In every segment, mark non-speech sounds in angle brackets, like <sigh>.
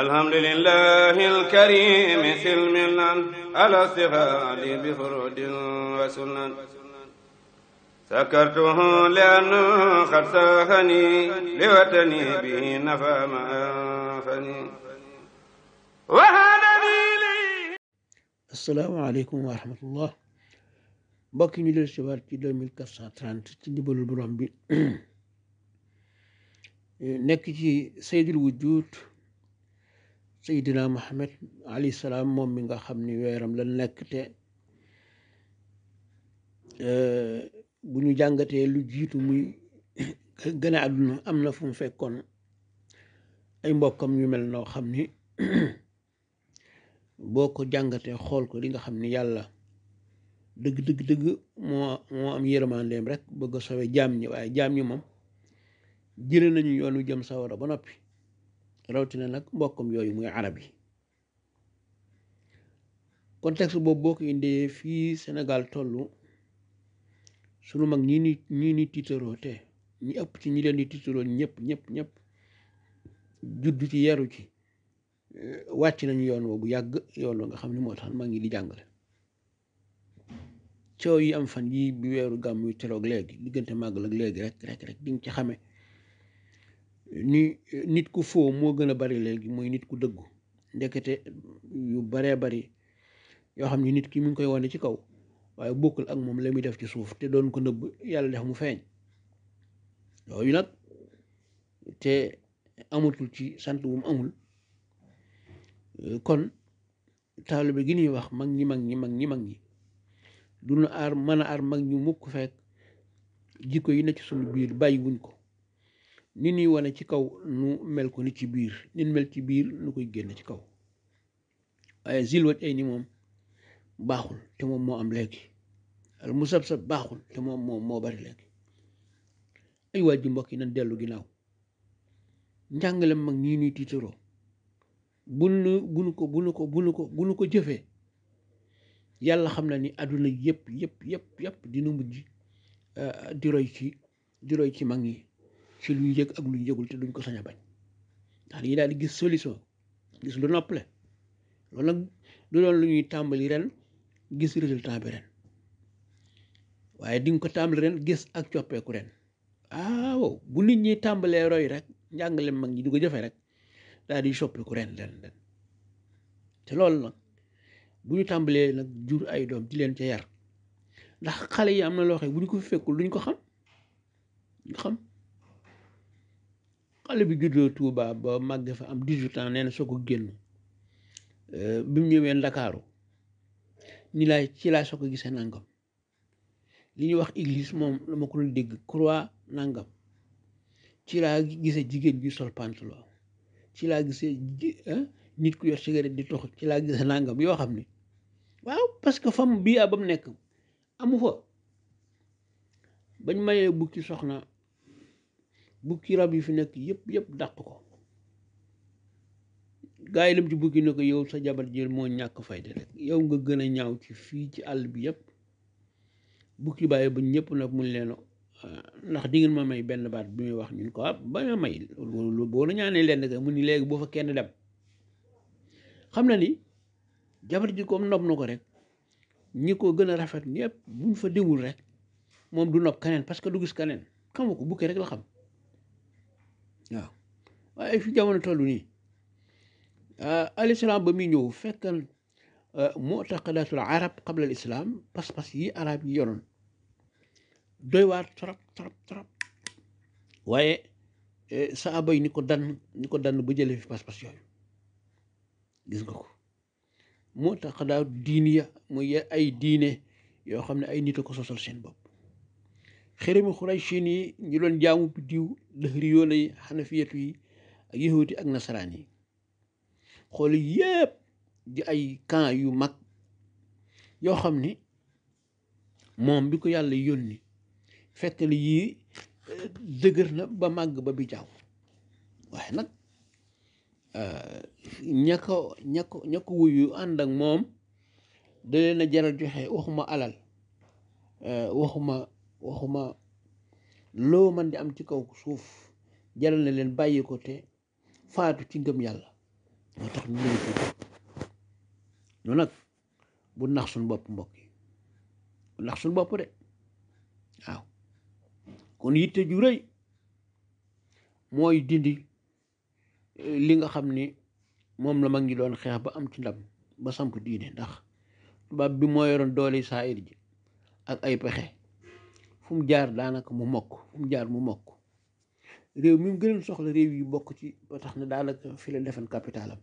alhamdulillahi alkarimi silmilan alastifaad bifurud wa sunan sakartuhu lianna qad saahani liwatani bihi nafa ma anfani asalaamaaleykum wa rahmatullah mbokk ñu del siwaat ci 2430 ci ndimbalul borom bi <clears throat> nekk ci saydul wujud Seydina Muhammad alayhi salaam moom mi nga xam ni weeram la nekk te eh, bu ñu jàngatee lu jiitu muy <coughs> gën a àdduna am na fu mu fekkoon ay mbokkam yu mel noo xam ni <coughs> boo ko jàngatee xool ko li nga xam ni yàlla dëgg dëgg dëgg moo moo am yërmandeem rek bëgg a sowe jaam ñi waaye jaam ñi moom jële nañu yoonu jëm sawara ba noppi rawatina nag mbokkam yooyu muy arab yi contexte boobu boo ko indee fii Sénégal tollu sunu mag ñii ni ñii ni tiitaroo te ñi ëpp ci ñi leen di tiitaroo ñëpp ñëpp ñëpp juddu ci yaru ci eh, wàcc nañu yoon woo bu yàgg yoon woo nga xam ne moo tax mag ñi di jàngale coow yi am fan yi bi weeru gàmm yu teroog léegi diggante màgg ak léegi rek rek rek nga ci xame ni nit ku foo moo gën a bari léegi mooy nit ku dëggu ndekete yu baree bari yoo xam ni nit ki mu ngi koy wane ci kaw waaye bokkul ak moom la muy def ci suuf te doon ko nëbb yàlla def mu feeñ yooyu nag te amatul ci sant wum amul kon taalibe gi ñuy wax mag ñi mag ñi mag ñi mag ñi du nu aar mën a aar mag ñu mukk fekk jikko yi ne ci sunu biir bàyyi wuñ ko ni ñuy wane ci kaw nu mel ko ni ci biir nin mel ci biir nu koy génn ci kaw waaye zilwat ay ni moom baaxul te moom moo am léegi al musabsab baaxul te moom moo moo bari léegi ay waaj ji mbokk yi nan dellu ginnaaw njàngalem mag ñii ñuy tiitaroo bunu bunu ko bunu ko bunu ko bunu ko jëfee yàlla xam na ni àdduna yépp yëpp yëpp yëpp dina mujj eh, di roy ci di roy ci mag ñi ci lu ñu yëg ak lu ñu yëgul te duñ ko sañ a bañ ndax dañuy daal di gis solution gis lu noppale loolu nag du lu ñuy tàmbali ren gis résultat bi ren waaye di ko tàmbali ren gis ak coppeeku ren waaw bu nit ñi tàmbalee roy rek njàngale mag ñi du ko jëfe rek daal di soppeeku ren ren ren te loolu nag bu ñu tàmbalee nag jur ay doom di leen ca yar ndax xale yi am na loo xam bu ñu ko fekkul duñ ko xam duñ ko xam. xale bi juddoo Touba ba màgg fa am 18 ans nee na soo ko génn euh, bi mu ñëwee Ndakaaru ni laay ci laa soo ko gisee nangam li ñuy wax église moom la ma ko doon dégg croix nangam ci laa gisee jigéen bi sol pantalon ci laa gisee nit ku yor cigarette di tox ci laa gisee nangam yoo xam ni waaw parce que fam bii ba nekk amu fa bañ mayee bukki soxna bukki rab yi fi nekk yépp yëpp dàq ko gaa yi lam ci bukki ne ko yow sa jabar ji moo ñàkk fayda rek yow nga gën a ñaaw ci fii ci àll bi yëpp bukki bàyyi ba ñëpp nag mu leen ndax di ngeen ma may benn baat bi muy wax ñun ko ah, ba may loolu boo la ñaanee lenn ka mu ni léegi boo fa kenn dem xam na ni jabar ji comme nopp na ko rek ñu ko gën a rafet ñëpp buñ fa diwul rek moom du nopp keneen parce que du gis keneen xamu ko bukki rek la xam waaw fi jamono toll nii ah, al islam ba muy ñëw fekkal ah, mu'taqadatul arab qabla al islam pas-pas yi arab yi yoroon doy waar trop trop waaye eh, saaba yi ni ko dann ni ko dann ba jëlee fi pas-pas yooyu gis nga ko mu'taqadaat diiniya muy ay diine yoo xam ne ay nit a ko sosal seen bopp xërëmi xuraysin yi ñu doon jaamu biddiw dëxëri yoona yi xanafiyatu yi ak yahuudi ak nasaraan yi xool yépp di ay camp yu mag yoo xam ni moom bi ko yàlla yónni fekk li yii euh, dëgër na ba màgg ba bi jaaw waaye nag euh, ña ko ña ko moom da leen a jaral joxe waxuma alal euh, waxuma waxuma loo man di am ci kaw suuf jaral na leen bàyyi ko te faatu ci ngëm yàlla moo tax ñu nag bu nax suñ bopp mbokk yi bu nax suñ bopp de waaw kon yitte ju rëy mooy dindi eh, li nga xam ni moom la mag ngi doon xeex ba am ci ndam ba samp diine ndax tubaab bi moo yoroon doole saayir ji ak ay pexe fu jaar daanaka mu mokk fu mu jaar mu mokk réew mi mu gënoon soxla réew yi bokk ci ba tax na daanaka fi la defoon capitalam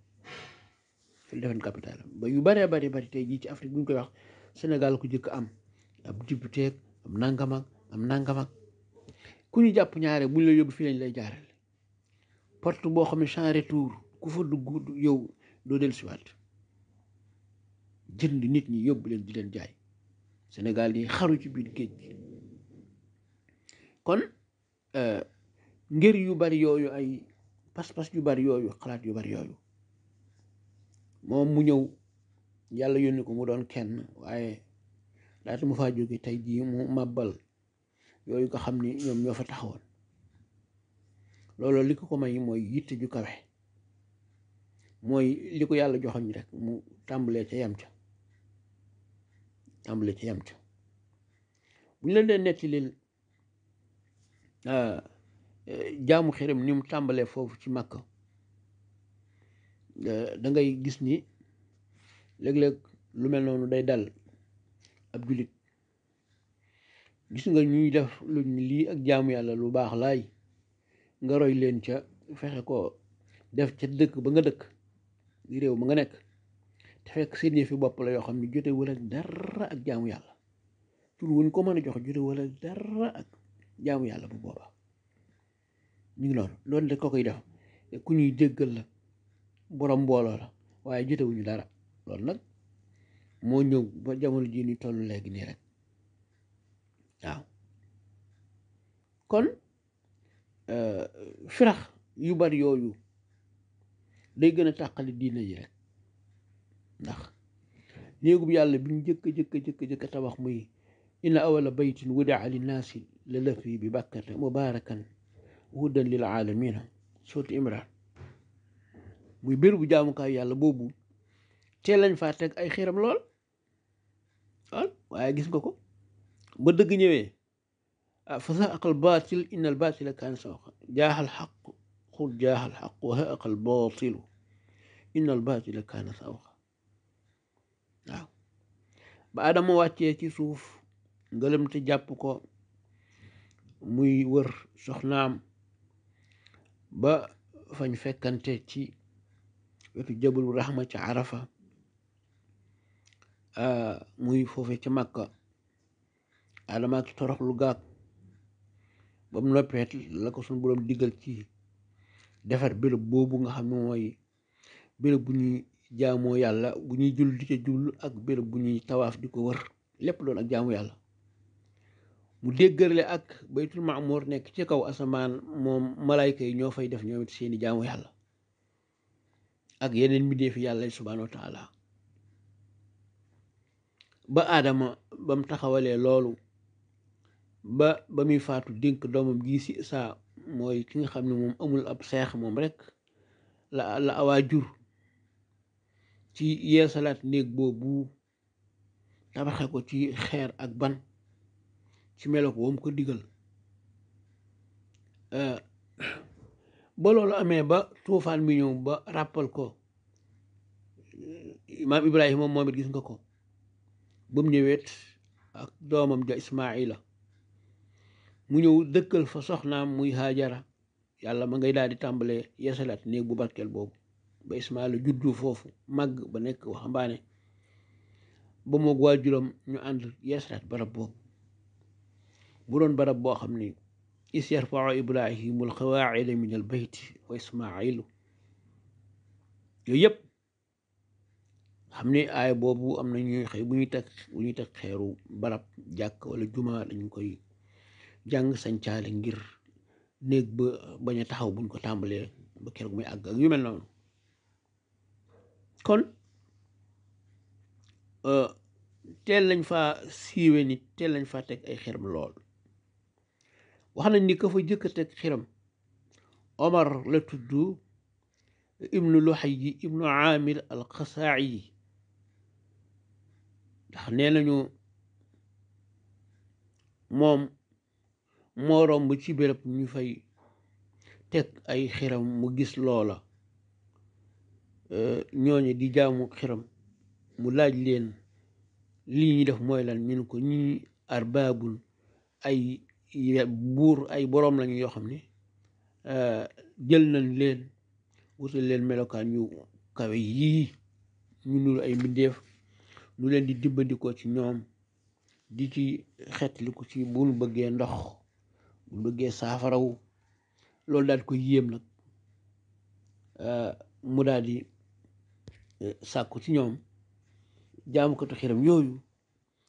fi la defoon capitalam ba yu baree bari bari tey jii ci Afrique bu koy wax Sénégal ku jëkk am ab député am nangam ak am nangam ku ñu jàpp ñaare buñ la yóbbu fii lañ lay jaarale porte boo xam ne sans retour ku fa dugg yow doo dellusiwaat jënd nit ñi yóbbu leen di leen jaay Sénégal yi xaru ci biir géej gi. kon euh, ngir yu bari yooyu ay pas-pas yu bari yooyu xalaat yu bari yooyu moom mu ñëw yàlla yónni ko mu doon kenn waaye laata mu faa jóge tey jii mu màbbal yooyu nga xam ni ñoom ñoo fa taxawoon loolu li ko ko may mooy yitte ju kawe mooy li ko yàlla joxoñ rek mu tàmbalee ca yam ca tàmbalee ca yam ca bu ñu leen dee netti leen Euh, euh, jaamu xiram ni mu tàmbalee foofu ci Makka euh, dangay gis ni léeg lu mel noonu day dal ab jullit gis nga ñuy def lu lii ak jaamu yàlla lu baax laay nga roy leen ca fexe ko def ca dëkk ba nga dëkk di réew ma nga nekk te fekk seen yëfi bopp la yoo xam ne jote wala dara ak jaamu yàlla tur wuñ ko mën a jox jote wala dara ak jaamu yàlla bu booba ñu ngi noonu loolu de ko koy def ku ñuy jéggal la borom mbooloo la waaye jotewuñu dara loolu nag moo ñëw ba jamono ji ni toll léegi nii rek waaw kon euh, firax yu bari yooyu day gën a tàqali diina yi rek ndax néegub yàlla bi ñu jëkk jëkk jëkk jëkk tabax muy inna awala baytin wudi'a linnaasi la lafi bi bakkata mubaarakan hudan lil aalamiina sooti imraan muy bir bu jaamukaay yàlla boobu tee lañ fa teg ay xiram lool lool waaye gis nga ko ba dëgg ñëwee ah, fa zaaqal baatil inna al baatila kaana zahuuqa jaaxal xaq xul jaaxal xaq wa zaaqal baatilu inna al baatila kaana zahuuqa ba Adama wàccee ci suuf ti jàpp ko muy wër soxnaam ba fañ fekkante ci wetu jabul raxma ca arafa muy foofe ca màkka adama ki torox lu gaag ba mu noppeet la ko suñu boroom diggal ci defar béréb boobu nga xam ne mooy béréb bu ñuy jaamoo yàlla bu ñuy jull di ca jull ak béréb bu ñuy tawaaf di ko wër lépp doon ak jaamu yàlla mu déggarle ak baytul maamour nekk ci kaw asamaan moom malayka yi ñoo fay def ñoom seeni jaamu yàlla ak yeneen mbindéef yàlla subhaanahu taala ba aadama ba mu taxawalee loolu ba ba muy faatu dénk doomam gii si saa mooy ki nga xam ne moom amul ab seex moom rekk la la awaa jur ci yeesalaat néeg boobu tabaxe ko ci xeer ak ban ci meloog woom ko digal <coughs> eh, ba loolu amee ba tuufaan mu ñëw ba ràppal ko imaam eh, ibrahima moom it gis nga ko ba mu ñëweet ak doomam ja ismaila mu ñëw dëkkal fa soxnaam muy haajara yàlla ma ngay daal di tàmbalee yeesalaat néeg bu barkeel boobu ba ismaila juddu foofu màgg ba nekk waxambaane ba moog waajuram ñu ànd yeesalaat barab boobu bu doon barab boo xam ni is yarfau ibrahimu alqawaacida min al bayt wa ismailu yooyu yëpp xam ni aay boobu am na ñuy xëy bu ñuy teg bu ñuy teg xeeru barab jàkk wala juma dañu koy jàng sancaale ngir néeg ba bañ a taxaw buñ ko tàmbalee ba keroog muy àgg ak yu mel noonu kon euh, teel lañ faa siiwe nit teel lañ faa teg ay xeeram lool wax nañ ni ka fa jëkk a teg xiram omar la tudd ibnu luxay yi ibnu aamir al xasaa yi ndax nee nañu moom moo romb ci béréb ñu fay teg ay xiram mu gis loola ñooñu di jaamu xiram mu laaj leen li ñuy def mooy lan ñu ne ko ñi arbaabul ay buur ay boroom lañu yoo xam ne euh, jël nañ leen wutal leen melokaan yu kawe yii ñu nuru ay mbindeef lu leen di dimbandikoo ci ñoom di ci xetli ko ci bu nu bëggee ndox bu nu bëggee saafarawu loolu daal ko yéem nag euh, mu daal di euh, sàkku ci ñoom jaamukatu xeram yooyu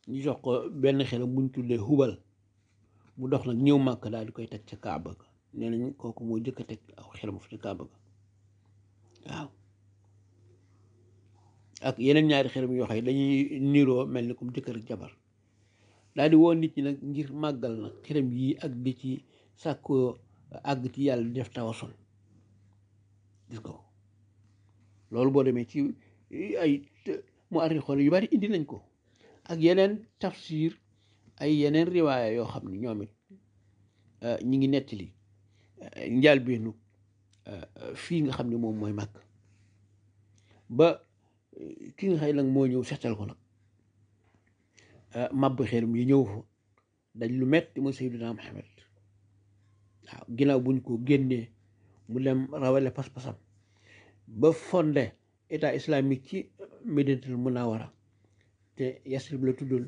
ñu jox ko benn xeram buñ tuddee hubal mu dox nag ñëw màkk daal di koy teg ca kaaba ga nee nañ kooku moo jëkk a teg aw xelam ak yeneen ñaari xelam yoo xam ne dañuy niroo mel ni comme jëkkër ak jabar daal di woo nit ñi nag ngir màggal nag xelam yii ak di ci sàkkoo àgg ci yàlla def tawasul gis ko loolu boo demee ci ay mu arri xool yu bari indi nañ ko ak yeneen tafsir ay yeneen riwaaya yoo xam ne ñoomit it euh, ñi ngi nettali euh, njaal nu euh, fii nga xam ni moom mooy màkk ba ki nga xëy nag moo ñëw seetal ko nag màbb xeeram yi ñëw fa dañ lu metti mooy Seydina Muhammad waaw ginnaaw buñ ko génnee mu dem rawale pas-pasam ba fondé état islamique ci Médinatul Munawara te Yasrib la tuddul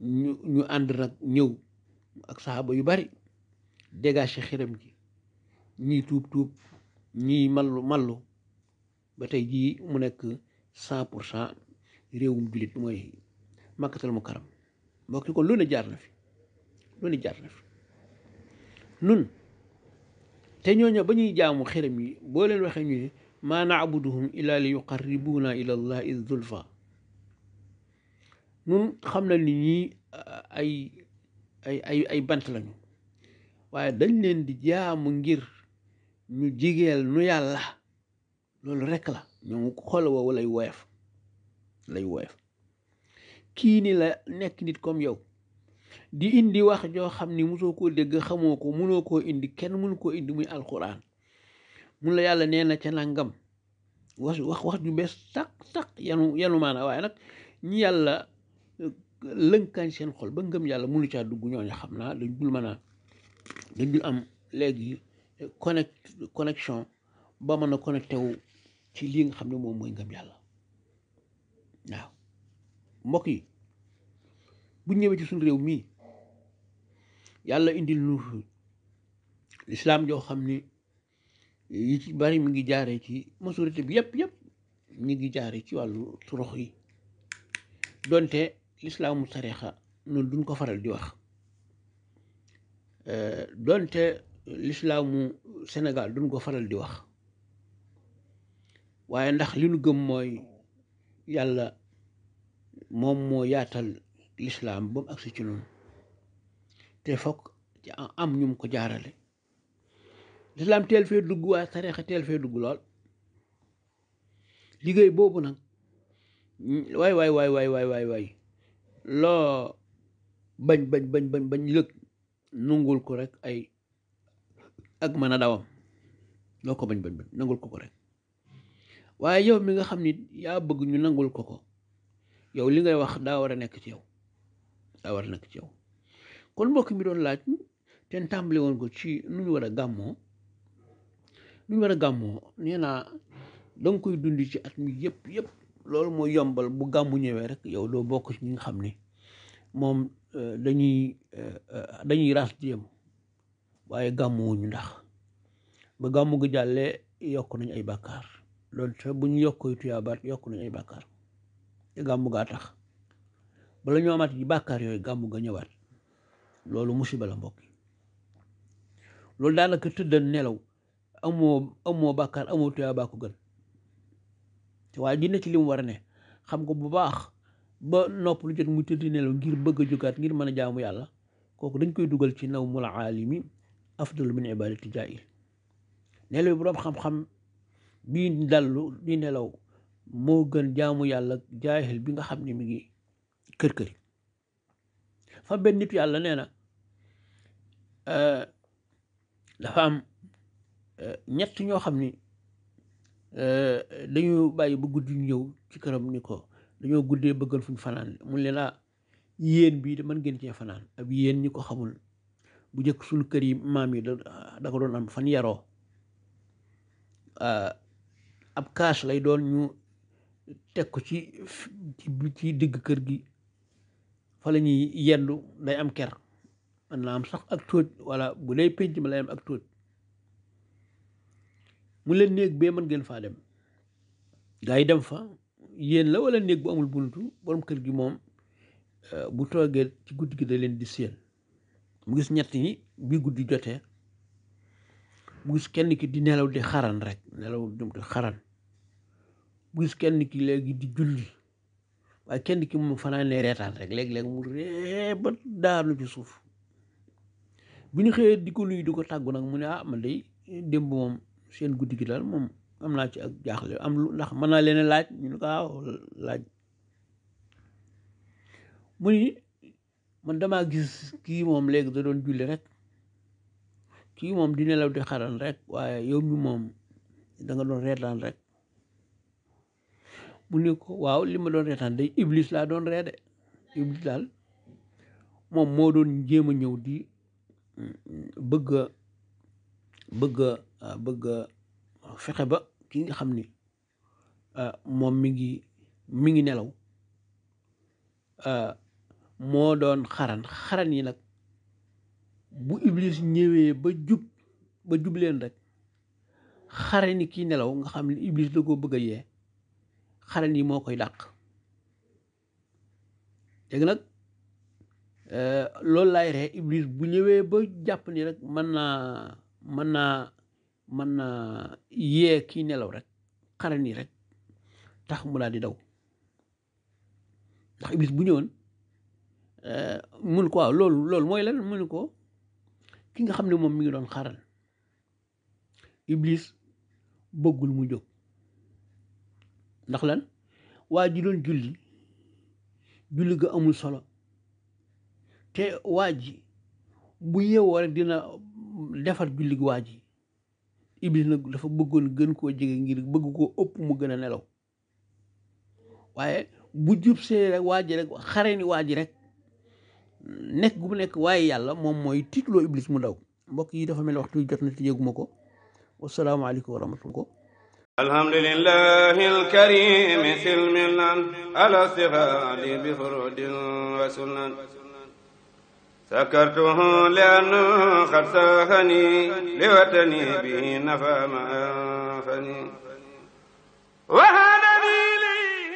ñu ñu ànd nag ñëw ak saxaaba yu bari dégagé xiram ji ñii tuub tuub ñii mallu mallu ba tey jii mu nekk cent pour cent réewum jullit mooy makkatal mu karam mbokk yi kon lu ne jaar na fi lu ne jaar na fi nun te ñooñu ba ñuy jaamu xiram yi boo leen waxee ñu ne maa naabuduhum illa li yuqarribuuna ila allah iz zulfa nun xam na ni ñii ah, ay ay ay bant lañu waaye dañ leen di jaamu ngir ñu jigeel nu yàlla loolu rekk la ñoom xol woowu lay woyof lay woyof kii ni la nekk nit comme yow di indi wax joo xam ni mosoo koo dégg xamoo ko munoo koo indi kenn mënu koo indi muy alxuraan mun la yàlla nee na ca nangam wax wax wax ju bees saq maana waaye nag ñi yàlla lënkaañ seen xol ba ngëm yàlla munu caa dugg ñooñu xam naa dañ dul mën a dañ dul am léegi connect connexion ba mën a connecté ci lii nga xam ne moom mooy ngëm yàlla waaw mbokk yi bu ñëwee ci suñu réew mii yàlla indi nu lislaam joo xam ni yi ci bari mu ngi jaaree ci majorité bi yëpp yëpp mi ngi jaaree ci wàllu turux yi donte lislaamu tarixa noonu duñ ko faral di wax euh, doonte lislaamu Sénégal duñ ko faral di wax waaye ndax li nu gëm mooy yàlla moom moo yaatal lislaam ba mu agsi ci noonu te fokk am ñum ko jaarale lislaam teel fee dugg waaye tarixa teel fee dugg lool liggéey boobu nag waay waay waay waay waay waay loo bañ bañ bañ bañ bañ lëg nungul ko rek ay ak mën a dawam loo ko bañ bañ bañ nangul ko ko rek waaye yow mi nga xam ni yaa bëgg ñu nangul ko ko yow li ngay wax daa war a nekk ci yow daa war ci yow kon mbokk mi doon laaj ten tàmbaliwoon ko ci nu ñu war a gàmmoo nu ñu war a gàmmoo nee naa danga koy dundi ci at mi yëpp yëpp loolu mooy yombal bu gàmmu ñëwee rek yow doo bokk ci ñi nga xam ni moom euh, dañuy euh, euh, dañuy ras jéem waaye gàmmuwuñu ndax ba gàmmu gi jàllee yokk nañ ay bàkkaar loolu bu ñu yokkoy tuyaabaat yokk nañ ay bàkkaar te gàmmu gaa tax bala ñu amaat yi bàkkaar yooyu gàmmu ga ñëwaat loolu musiba bala mbokk loolu daanaka tëddal nelaw amoo amoo bàkkaar amoo tuyaabaat ko gën waaye dina ci li war a ne xam ko bu baax ba nopp lu jot mu tëddi nelaw ngir bëgg a jógaat ngir mën a jaamu yàlla kooku dañ koy dugal ci nawmul aalimi afdalu min ibadati jaahil nelaw bu doon xam-xam bii dallu di nelaw moo gën jaamu yàlla jaahil bi nga xam ni mi ngi kër këri fa benn nit yàlla nee na euh, dafa am euh, ñett ñoo xam ni Euh, dañu bàyyi ba guddi ñu ñëw ci këram ni ko dañoo guddee bëggal fuñ fanaan mu leen ah yéen bii de mën ngeen cee fanaan ab yéen ñi ko xamul bu njëkk suñu kër yi maam yi da doon am fan yaroo ah, ab kaas lay doon ñu teg ko ci ci digg kër gi fa la ñuy yendu day am ker mën naa am sax ak tóoj wala bu dee pénc ma lay am ak tóoj mu leen néeg bee mën ngeen faa dem gaa yi dem fa yéen la wala néeg bu amul buntu borom kër gi moom euh, bu toogee ci guddi gi da leen di séen mu gis ñetti ni bii guddi jotee mu gis kenn ki di nelaw di xaran rek nelaw di xaran mu gis kenn ki léegi di julli waaye kenn ki moom fanaanee reetaan rek léeg-léeg mu ree ba daanu ci suuf bi ñu xëyee di ko nuyu di ko tàggu nag mu ne ah man day démb moom seen guddi gi daal moom am naa ci ak jaaxle am lu ndax mën naa leen laaj ñu ne ko ah, laaj mu ni man dama gis kii moom léegi da doon julli rek kii moom dina la di xaran rek waaye yow mi moom da nga doon reetaan rek mu ni ko waaw li ma doon reetaan day iblis laa doon reede iblis daal moom moo doon jéem a ñëw di mm, mm, bëgga bëgga Euh, bëgg euh, fexe ba ki nga xam ni euh, moom mi ngi mi ngi nelaw moo doon xaran xaran yi nag bu iblis ñëwee ba jub ba jubleen leen rek xaran yi kii nelaw nga xam ni iblis da koo bëgg a yee xaran yi moo koy dàq léegi nag loolu laay ree iblis bu ñëwee ba jàpp ni rek mën naa mën naa man na yee kii nelaw rek xare nii rek tax mu daal di daw ndax iblis bu ñëwoon eh, mun ko waaw loolu loolu mooy lan mun ko ki nga xam ne moom mi ngi doon xaran iblis bëggul mu jóg ndax lan waa ji doon julli julli ga amul solo te waa ji bu yeewoo rek dina defar julli gi waa ji iblis na dafa bëggoon gën koo jege ngir bëgg ko ëpp mu gën a nelaw waaye bu jub see rek waa rek xare ni waa rek nekk gu nekk waaye yàlla moom mooy tiitloo iblis mu daw mbokk yi dafa mel waxtu jot na te yëguma ko wasalaamaaleykum wa rahmatullah alhamdulillahi alkarim silmilan ala sirali bi furudin wa sunan سكرته لأنه قد ساخني لوتني به نفى ما أنفني وهذا لي